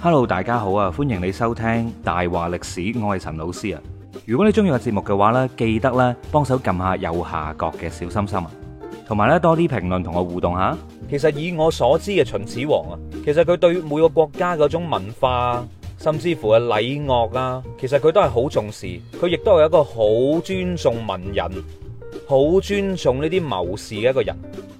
Hello，大家好啊！歡迎你收聽大話歷史，我係陳老師啊。如果你中意個節目嘅話呢，記得咧幫手撳下右下角嘅小心心啊，同埋咧多啲評論同我互動下。其實以我所知嘅秦始皇啊，其實佢對每個國家嗰種文化，甚至乎係禮樂啊，其實佢都係好重視，佢亦都係一個好尊重文人、好尊重呢啲謀士嘅一個人。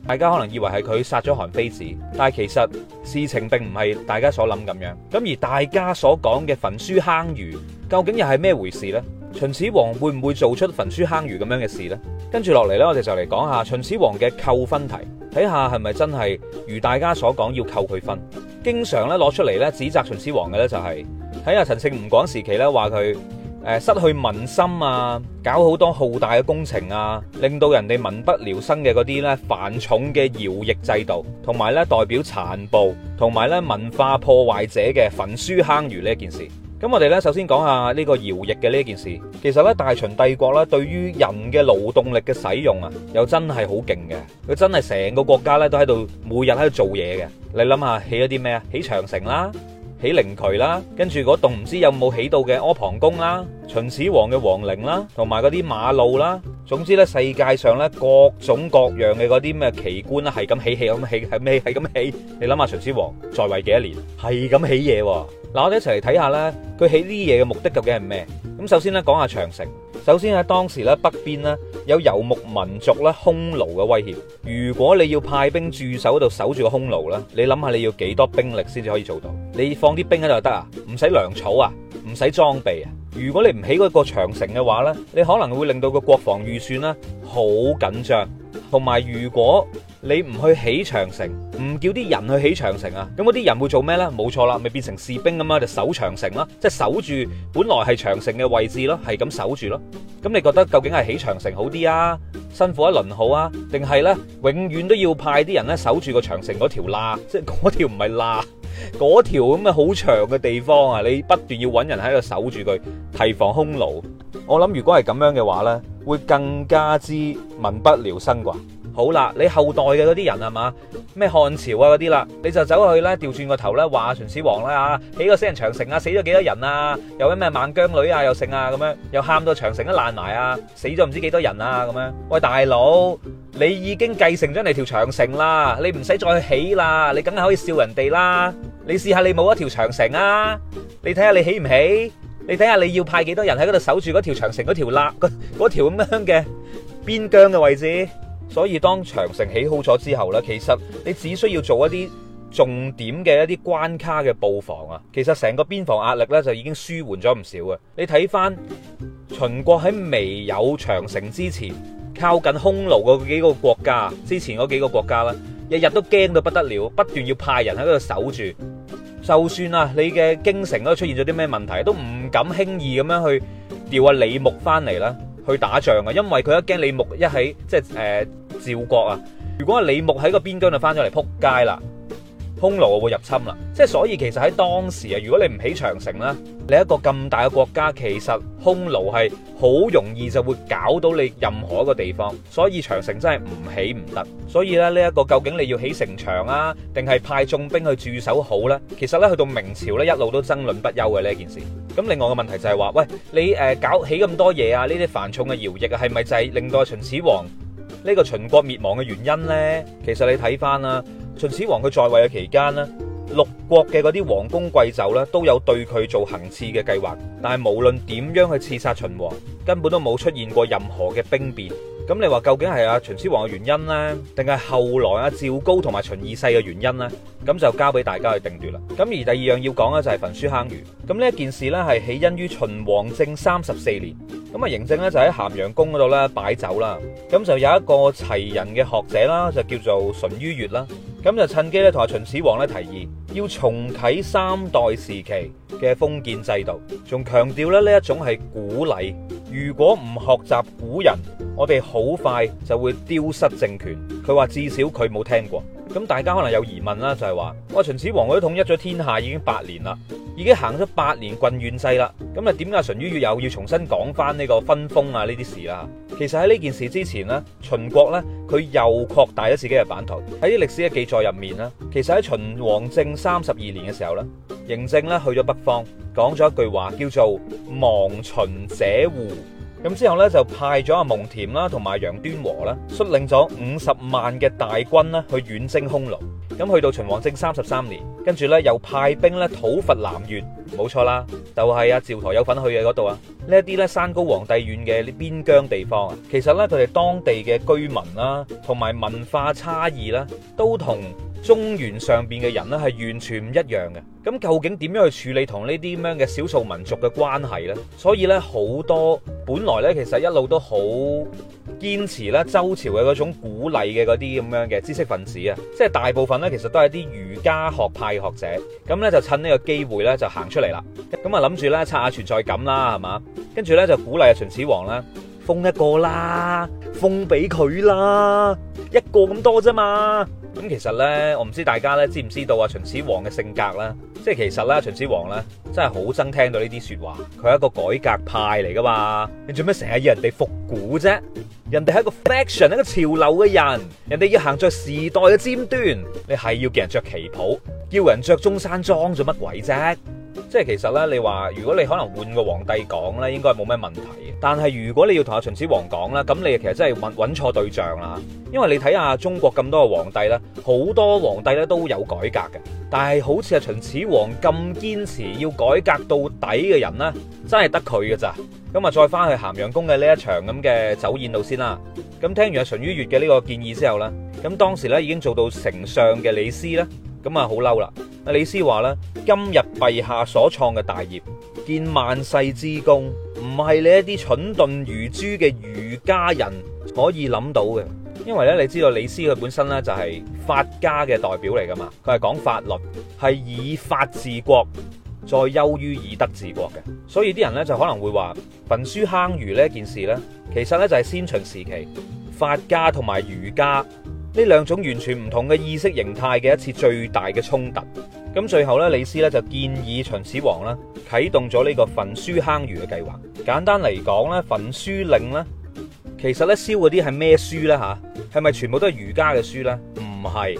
大家可能以為係佢殺咗韓非子，但係其實事情並唔係大家所諗咁樣。咁而大家所講嘅焚書坑儒，究竟又係咩回事呢？秦始皇會唔會做出焚書坑儒咁樣嘅事呢？跟住落嚟呢，我哋就嚟講下秦始皇嘅扣分題，睇下係咪真係如大家所講要扣佢分。經常咧攞出嚟咧指責秦始皇嘅咧就係睇下陳勝吳廣時期咧話佢。誒失去民心啊，搞好多浩大嘅工程啊，令到人哋民不聊生嘅嗰啲咧繁重嘅徭役制度，同埋咧代表殘暴，同埋咧文化破壞者嘅焚書坑儒呢一件事。咁我哋咧首先講下呢個徭役嘅呢一件事。其實咧大秦帝國咧對於人嘅勞動力嘅使用啊，又真係好勁嘅。佢真係成個國家咧都喺度每日喺度做嘢嘅。你諗下起咗啲咩啊？起長城啦。起靈渠啦，跟住嗰棟唔知有冇起到嘅阿房宮啦，秦始皇嘅皇陵啦，同埋嗰啲馬路啦，總之咧世界上咧各種各樣嘅嗰啲咩奇觀啦，係咁起起咁起，係咩係咁起？你諗下秦始皇在位幾多年，係咁起嘢喎？嗱，我哋一齊嚟睇下啦，佢起呢啲嘢嘅目的究竟係咩？咁首先咧講下長城。首先喺當時咧，北邊咧有游牧民族咧匈奴嘅威脅。如果你要派兵駐守喺度守住個匈奴咧，你諗下你要幾多兵力先至可以做到？你放啲兵喺度就得啊？唔使糧草啊？唔使裝備啊？如果你唔起嗰個長城嘅話咧，你可能會令到個國防預算咧好緊張，同埋如果。你唔去起長城，唔叫啲人去起長城啊？咁嗰啲人會做咩呢？冇錯啦，咪變成士兵咁啊，就守長城咯，即係守住本來係長城嘅位置咯，係咁守住咯。咁你覺得究竟係起長城好啲啊，辛苦一輪好啊，定係呢永遠都要派啲人呢守住個長城嗰條罅，即係嗰條唔係罅，嗰條咁嘅好長嘅地方啊，你不斷要揾人喺度守住佢，提防匈奴。我諗如果係咁樣嘅話呢，會更加之民不聊生啩。好啦，你後代嘅嗰啲人係嘛，咩漢朝啊嗰啲啦，你就走去咧掉轉個頭咧話秦始皇啦，起個死人長城啊，死咗幾多人啊？又咩咩孟姜女啊，又剩啊咁樣，又喊到長城都爛埋啊，死咗唔知幾多人啊咁樣。喂，大佬，你已經繼承咗你條長城啦，你唔使再去起啦，你梗係可以笑人哋啦。你試下你冇一條長城啊，你睇下你起唔起？你睇下你要派幾多人喺嗰度守住嗰條長城嗰條罅嗰條咁樣嘅邊疆嘅位置。所以當長城起好咗之後呢，其實你只需要做一啲重點嘅一啲關卡嘅布防啊，其實成個邊防壓力呢，就已經舒緩咗唔少嘅。你睇翻秦國喺未有長城之前，靠近匈奴嗰幾個國家，之前嗰幾個國家啦，日日都驚到不得了，不斷要派人喺度守住。就算啊，你嘅京城都出現咗啲咩問題，都唔敢輕易咁樣去調阿李牧翻嚟啦，去打仗啊，因為佢一驚李牧一喺即係誒。就是呃趙國啊！如果李牧喺個邊疆就翻咗嚟，撲街啦，匈奴就會入侵啦。即係所以，其實喺當時啊，如果你唔起長城咧，你一個咁大嘅國家，其實匈奴係好容易就會搞到你任何一個地方。所以長城真係唔起唔得。所以咧，呢一個究竟你要起城牆啊，定係派重兵去駐守好咧？其實咧，去到明朝咧，一路都爭論不休嘅呢一件事。咁另外個問題就係話，喂，你誒搞起咁多嘢啊，呢啲繁重嘅徭役啊，係咪就係令到秦始皇？呢個秦國滅亡嘅原因呢？其實你睇返啊，秦始皇佢在位嘅期間呢。六國嘅嗰啲王公貴胄咧，都有對佢做行刺嘅計劃，但係無論點樣去刺殺秦王，根本都冇出現過任何嘅兵變。咁你話究竟係阿秦始皇嘅原因呢？定係後來阿趙高同埋秦二世嘅原因呢？咁就交俾大家去定奪啦。咁而第二樣要講嘅就係焚書坑儒。咁呢一件事呢，係起因於秦王政三十四年，咁啊嬴政呢，就喺咸陽宮嗰度咧擺酒啦，咁就有一個齊人嘅學者啦，就叫做淳于越啦。咁就趁機咧，同阿秦始皇咧提議，要重啟三代時期嘅封建制度，仲強調咧呢一種係古禮。如果唔學習古人，我哋好快就會丟失政權。佢話至少佢冇聽過。咁大家可能有疑問啦，就係話：我秦始皇我統一咗天下已經八年啦，已經行咗八年郡縣制啦，咁啊點解淳于越又要重新講返呢個分封啊呢啲事啦？其實喺呢件事之前呢，秦國呢，佢又擴大咗自己嘅版圖。喺啲歷史嘅記載入面呢，其實喺秦王政三十二年嘅時候呢，嬴政呢去咗北方，講咗一句話叫做：亡秦者胡。咁之後呢，就派咗阿蒙恬啦，同埋楊端和啦，率領咗五十萬嘅大軍啦，去遠征匈奴。咁去到秦王政三十三年，跟住呢又派兵呢討伐南越。冇錯啦，就係阿趙佗有份去嘅嗰度啊。呢一啲呢，山高皇帝遠嘅邊疆地方啊，其實呢，佢哋當地嘅居民啦，同埋文化差異啦，都同。中原上邊嘅人咧，係完全唔一樣嘅，咁究竟點樣去處理同呢啲咁樣嘅少數民族嘅關係呢？所以呢，好多本來呢，其實一路都好堅持咧，周朝嘅嗰種鼓勵嘅嗰啲咁樣嘅知識分子啊，即係大部分呢，其實都係啲儒家學派學者，咁呢，就趁呢個機會呢，就行出嚟啦，咁啊諗住呢，刷下存在感啦，係嘛，跟住呢，就鼓勵秦始皇啦。封一個啦，封俾佢啦，一個咁多啫嘛。咁其實呢，我唔知大家呢知唔知道啊，秦始皇嘅性格啦，即係其實呢，秦始皇呢，真係好憎聽到呢啲說話。佢係一個改革派嚟噶嘛，你做咩成日要人哋復古啫？人哋係一個 fashion 一個潮流嘅人，人哋要行着時代嘅尖端，你係要叫人着旗袍，叫人着中山裝做乜鬼啫？即係其實呢，你話如果你可能換個皇帝講呢，應該冇咩問題。但係如果你要同阿秦始皇講呢，咁你其實真係揾揾錯對象啦。因為你睇下中國咁多個皇帝呢，好多皇帝呢都有改革嘅，但係好似阿秦始皇咁堅持要改革到底嘅人呢，真係得佢嘅咋。咁啊，再翻去咸陽宮嘅呢一場咁嘅酒宴度先啦。咁聽完阿淳於越嘅呢個建議之後呢，咁當時呢已經做到丞相嘅李斯呢。咁啊，好嬲啦！李斯話咧：今日陛下所創嘅大業，建萬世之功，唔係你一啲蠢鈍愚豬嘅儒家人可以諗到嘅。因為呢，你知道李斯佢本身呢，就係法家嘅代表嚟噶嘛，佢係講法律，係以法治國，再優於以德治國嘅。所以啲人呢，就可能會話：焚書坑儒呢件事呢，其實呢，就係先秦時期法家同埋儒家。呢兩種完全唔同嘅意識形態嘅一次最大嘅衝突，咁最後呢，李斯呢就建議秦始皇啦，啟動咗呢個焚書坑儒嘅計劃。簡單嚟講呢，焚書令呢，其實呢燒嗰啲係咩書呢？吓，係咪全部都係儒家嘅書呢？唔係，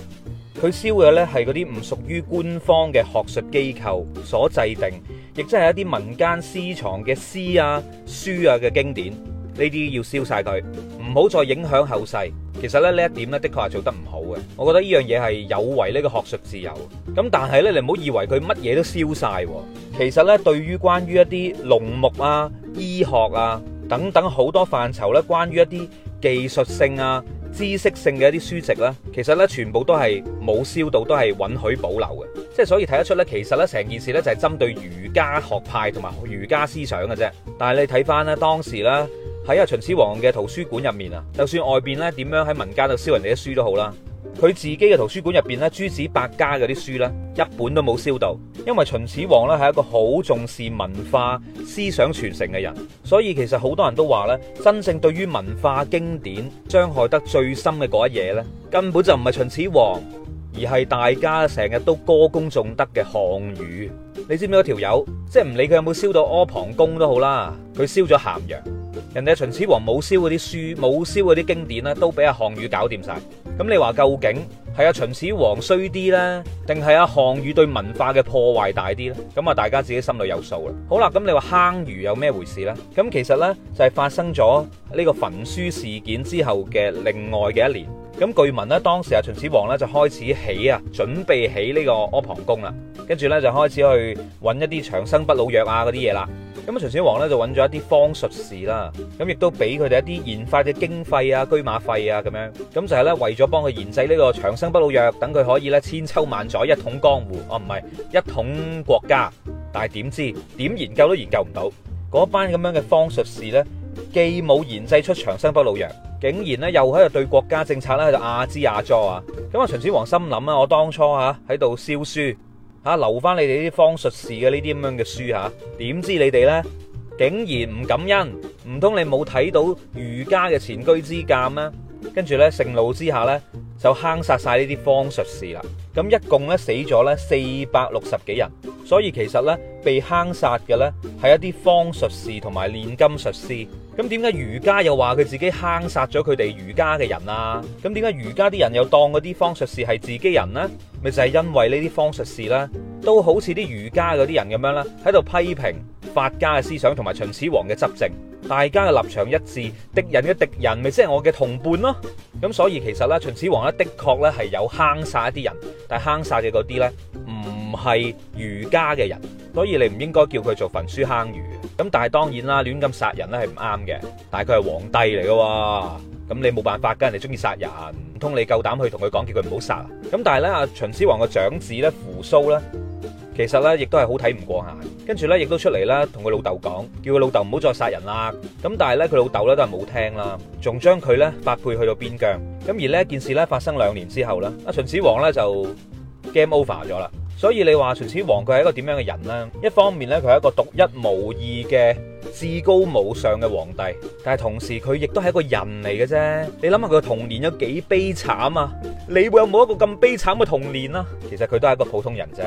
佢燒嘅呢係嗰啲唔屬於官方嘅學術機構所制定，亦即係一啲民間私藏嘅詩啊書啊嘅經典。呢啲要燒晒佢，唔好再影響後世。其實咧，呢一點呢，的確係做得唔好嘅。我覺得呢樣嘢係有違呢個學術自由。咁但係呢，你唔好以為佢乜嘢都燒晒。其實呢，對於關於一啲農牧啊、醫學啊等等好多範疇呢，關於一啲技術性啊、知識性嘅一啲書籍呢，其實呢，全部都係冇燒到，都係允許保留嘅。即係所以睇得出呢，其實呢成件事呢，就係針對儒家學派同埋儒家思想嘅啫。但係你睇翻呢，當時呢，喺啊！秦始皇嘅圖書館入面啊，就算外邊呢，點樣喺民間度燒人哋啲書都好啦，佢自己嘅圖書館入邊呢，諸子百家嗰啲書呢，一本都冇燒到，因為秦始皇呢係一個好重視文化思想傳承嘅人，所以其實好多人都話呢，真正對於文化經典傷害得最深嘅嗰一嘢呢，根本就唔係秦始皇，而係大家成日都歌功頌德嘅項羽。你知唔知有條友即係唔理佢有冇燒到阿房宮都好啦，佢燒咗咸陽。人哋秦始皇冇燒嗰啲書，冇燒嗰啲經典咧，都俾阿、啊、項羽搞掂晒。咁你話究竟係阿、啊、秦始皇衰啲呢？定係阿項羽對文化嘅破壞大啲呢？咁啊，大家自己心裏有數啦。好啦，咁你話坑儒有咩回事呢？咁其實呢，就係、是、發生咗呢個焚書事件之後嘅另外嘅一年。咁據聞咧，當時啊、嗯，秦始皇咧就開始起啊，準備起呢個阿房宮啦，跟住咧就開始去揾一啲長生不老藥啊嗰啲嘢啦。咁啊，秦始皇咧就揾咗一啲方術士啦，咁亦都俾佢哋一啲研發嘅經費啊、車馬費啊咁樣。咁就係、是、咧為咗幫佢研製呢個長生不老藥，等佢可以咧千秋萬載一統江湖，哦唔係一統國家。但係點知點研究都研究唔到，嗰班咁樣嘅方術士咧既冇研製出長生不老藥。竟然咧又喺度對國家政策咧喺度亞支亞咗啊！咁啊秦始皇心諗啊，我當初嚇喺度燒書嚇，留翻你哋呢啲方術士嘅呢啲咁樣嘅書嚇，點知你哋呢？竟然唔感恩，唔通你冇睇到儒家嘅前居之鑑咩？跟住呢，盛怒之下呢，就坑殺晒呢啲方術士啦！咁一共呢，死咗呢四百六十幾人，所以其實呢，被坑殺嘅呢，係一啲方術士同埋煉金術師。咁點解儒家又話佢自己坑殺咗佢哋儒家嘅人啊？咁點解儒家啲人又當嗰啲方術士係自己人呢？咪就係因為呢啲方術士啦，都好似啲儒家嗰啲人咁樣啦，喺度批評法家嘅思想同埋秦始皇嘅執政，大家嘅立場一致，敵人嘅敵人咪即係我嘅同伴咯。咁所以其實呢，秦始皇呢，的確呢係有坑殺一啲人，但係坑殺嘅嗰啲呢，唔係儒家嘅人，所以你唔應該叫佢做焚書坑儒。咁但係當然啦，亂咁殺人咧係唔啱嘅。但係佢係皇帝嚟嘅，咁你冇辦法噶。人哋中意殺人，唔通你夠膽去同佢講，叫佢唔好殺？咁但係咧，阿秦始皇個長子咧扶蘇咧，其實咧亦都係好睇唔過眼，跟住咧亦都出嚟啦，同佢老豆講，叫佢老豆唔好再殺人啦。咁但係咧佢老豆咧都係冇聽啦，仲將佢咧發配去到邊疆。咁而呢一件事咧發生兩年之後咧，阿秦始皇咧就 game over 咗啦。所以你話秦始皇佢係一個點樣嘅人呢？一方面咧，佢係一個獨一無二嘅，至高無上嘅皇帝，但係同時佢亦都係一個人嚟嘅啫。你諗下佢嘅童年有幾悲慘啊？你會有冇一個咁悲慘嘅童年啊？其實佢都係一個普通人啫。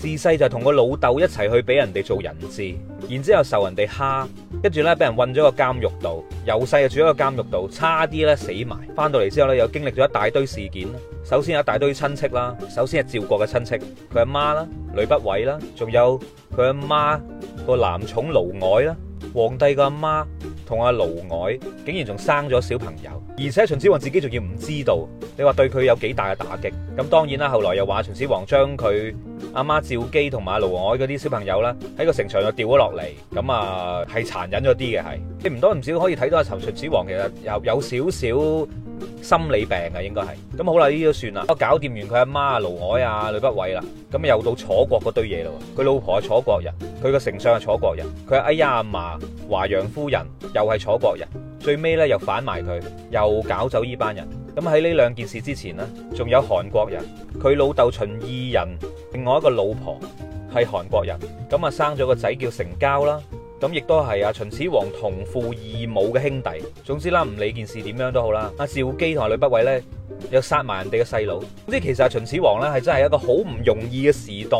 自細就同個老豆一齊去俾人哋做人質，然之後受人哋蝦，跟住呢，俾人困咗個監獄度，由細就住咗個監獄度，差啲呢死埋。翻到嚟之後呢，又經歷咗一大堆事件。首先有一大堆親戚啦，首先係趙國嘅親戚，佢阿媽啦，呂不韋啦，仲有佢阿媽個男寵嫪毐啦，皇帝嘅阿媽。同阿盧外竟然仲生咗小朋友，而且秦始皇自己仲要唔知道，你話對佢有幾大嘅打擊？咁當然啦，後來又話秦始皇將佢阿媽趙姬同埋阿盧外嗰啲小朋友啦，喺個城牆度掉咗落嚟，咁啊係殘忍咗啲嘅係，你唔多唔少可以睇到阿秦秦始皇其實又有，有少少。心理病，嘅應該係咁好啦，呢都算啦。我搞掂完佢阿媽啊，嫪毐啊，呂不韋啦，咁、呃呃、又到楚國嗰堆嘢啦。佢老婆係楚國人，佢個丞相係楚國人，佢哎呀阿嫲、華陽夫人又係楚國人，最尾呢又反埋佢，又搞走呢班人。咁喺呢兩件事之前呢，仲有韓國人，佢老豆秦異人，另外一個老婆係韓國人，咁啊生咗個仔叫成蟜啦。咁亦都係啊，秦始皇同父異母嘅兄弟。總之啦，唔理件事點樣都好啦。阿趙姬同阿呂不韋呢，有殺埋人哋嘅細佬。總之，其實阿秦始皇呢係真係一個好唔容易嘅時代，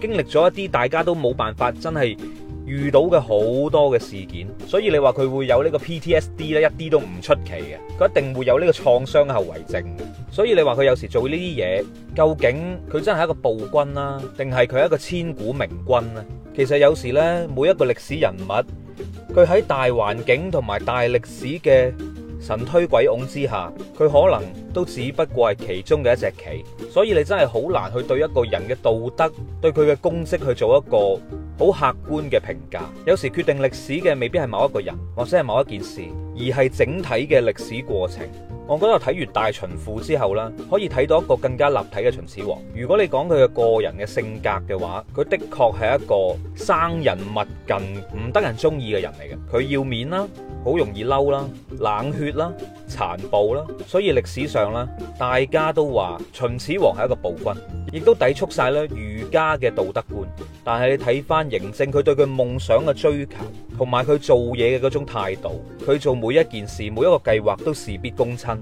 經歷咗一啲大家都冇辦法真係遇到嘅好多嘅事件。所以你話佢會有呢個 PTSD 呢？一啲都唔出奇嘅。佢一定會有呢個創傷後遺症。所以你話佢有時做呢啲嘢，究竟佢真係一個暴君啦、啊，定係佢係一個千古明君呢？其實有時呢，每一個歷史人物，佢喺大環境同埋大歷史嘅神推鬼拱之下，佢可能都只不過係其中嘅一隻棋，所以你真係好難去對一個人嘅道德，對佢嘅功績去做一個好客觀嘅評價。有時決定歷史嘅未必係某一個人，或者係某一件事。而係整體嘅歷史過程，我覺得睇完《大秦賦》之後咧，可以睇到一個更加立體嘅秦始皇。如果你講佢嘅個人嘅性格嘅話，佢的確係一個生人勿近、唔得人中意嘅人嚟嘅，佢要面啦，啊，好容易嬲啦，冷血啦，殘暴啦，所以歷史上咧，大家都話秦始皇係一個暴君，亦都抵觸晒咧儒家嘅道德觀。但係你睇翻嬴政，佢對佢夢想嘅追求，同埋佢做嘢嘅嗰種態度，佢做每一件事、每一個計劃都事必躬親。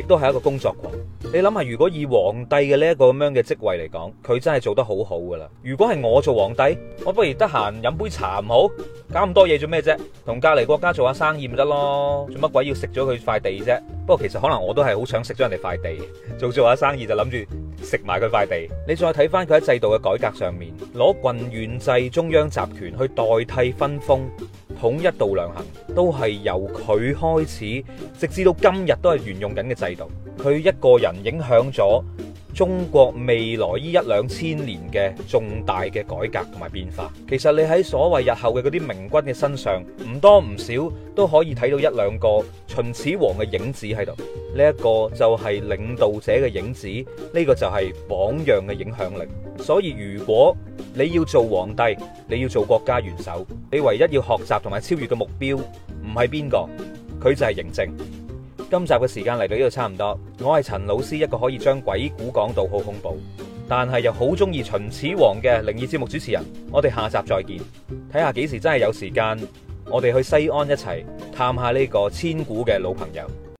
亦都係一個工作狂。你諗下，如果以皇帝嘅呢一個咁樣嘅職位嚟講，佢真係做得好好噶啦。如果係我做皇帝，我不如得閒飲杯茶唔好，搞咁多嘢做咩啫？同隔籬國家做下生意咪得咯？做乜鬼要食咗佢塊地啫？不過其實可能我都係好想食咗人哋塊地，做做下生意就諗住食埋佢塊地。你再睇翻佢喺制度嘅改革上面，攞郡縣制中央集權去代替分封。統一度量衡都係由佢開始，直至到今日都係沿用緊嘅制度。佢一個人影響咗中國未來呢一兩千年嘅重大嘅改革同埋變化，其實你喺所謂日後嘅嗰啲明君嘅身上，唔多唔少都可以睇到一兩個秦始皇嘅影子喺度。呢一個就係領導者嘅影子，呢個就係榜樣嘅影響力。所以如果你要做皇帝，你要做國家元首，你唯一要學習同埋超越嘅目標，唔係邊個？佢就係嬴政。今集嘅時間嚟到呢度差唔多，我係陳老師，一個可以將鬼故講到好恐怖，但係又好中意秦始皇嘅靈異節目主持人。我哋下集再見，睇下幾時真係有時間，我哋去西安一齊探下呢個千古嘅老朋友。